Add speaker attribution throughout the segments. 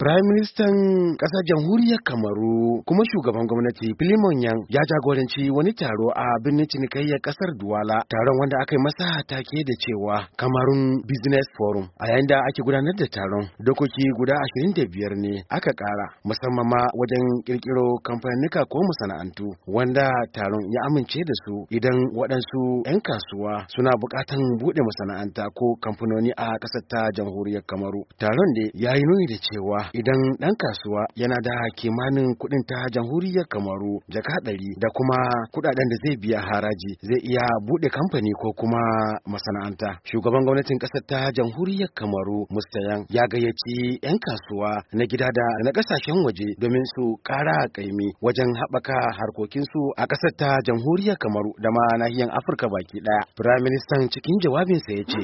Speaker 1: Prime kasa ƙasar jamhuriyar Kamaru kuma shugaban gwamnati Filimon Yang ya jagoranci wani taro a birnin cinikayyar ƙasar Duwala taron wanda aka yi masa take da cewa Kamarun Business Forum a yayin da ake gudanar da taron dokoki guda 25 ne aka ƙara musamman ma wajen ƙirƙiro kamfanika ko masana'antu wanda taron ya amince da su idan waɗansu 'yan kasuwa suna buƙatan buɗe masana'anta ko kamfanoni a ƙasar ta jamhuriyar Kamaru taron da ya yi nuni da cewa idan ɗan kasuwa yana da kimanin kuɗin ta jamhuriyar kamaru jaka ɗari da kuma kuɗaɗen da zai biya haraji zai iya buɗe kamfani ko kuma masana'anta shugaban gwamnatin ƙasar ta jamhuriyar kamaru mustayan ya gayyaci 'yan kasuwa na gida da na ƙasashen waje domin su ƙara ƙaimi wajen haɓaka harkokinsu a ƙasar ta jamhuriyar kamaru da ma nahiyar afirka baki ɗaya Ministan cikin jawabinsa ya ce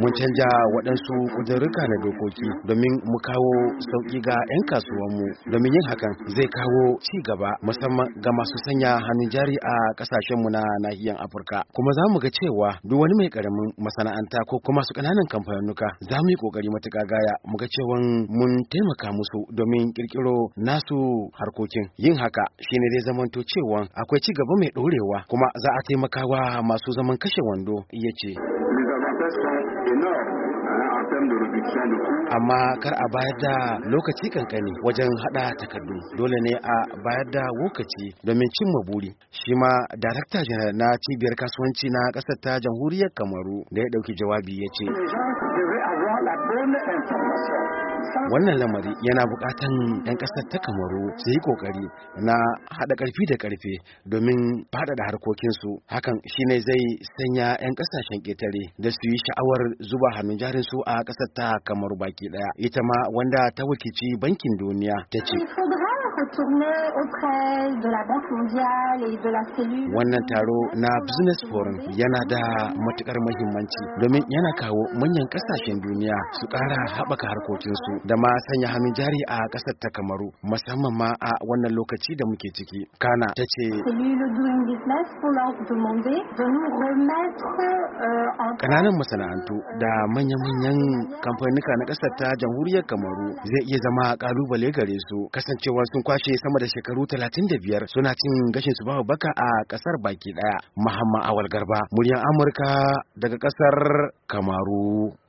Speaker 1: mun canja waɗansu ƙudurruka na dokoki domin mu kawo sauƙi ga 'yan kasuwanmu domin yin hakan zai kawo ci gaba musamman ga masu sanya hannun jari a ƙasashenmu na nahiyar afirka kuma za mu ga cewa duk wani mai ƙaramin masana'anta ko kuma su ƙananan kamfanonuka za mu yi ƙoƙari matuƙa gaya mu ga cewa mun taimaka musu domin ƙirƙiro nasu harkokin yin haka shine zai zamanto cewa akwai ci gaba mai ɗorewa kuma za a taimaka wa masu zaman kashe wando iya ce. un enough. amma kar a bayar da lokaci kankani wajen hada takardu dole ne a bayar da lokaci domin cimma buri shi ma darakta janar na cibiyar kasuwanci na kasar ta jamhuriyar kamaru da ya dauki jawabi ya ce wannan lamari yana bukatan 'yan kasar ta kamaru su yi kokari na hada karfi da karfe domin faɗaɗa harkokinsu hakan shine zai sanya 'yan kasashen ketare da su yi sha'awar zuba hannun jarin su a ƙasar ta kamar baki ɗaya ita ma wanda ta wakilci bankin duniya ta ce auprès de la Banque mondiale et de la cellule. Wannan taro na Business Forum yana da matukar muhimmanci domin yana kawo manyan kasashen duniya su ƙara haɓaka harkokinsu da ma sanya hannun jari a ƙasar ta Kamaru musamman ma a wannan lokaci da muke ciki. Kana ta ce Kananan euh, masana'antu da manyan manyan kamfanika na ƙasar ta jamhuriyar Kamaru zai iya zama ƙalubale gare su kasancewar sun kwashe sama da shekaru 35 suna cin gashin su babu baka a kasar baki daya muhammad awal garba muryan amurka daga kasar kamaru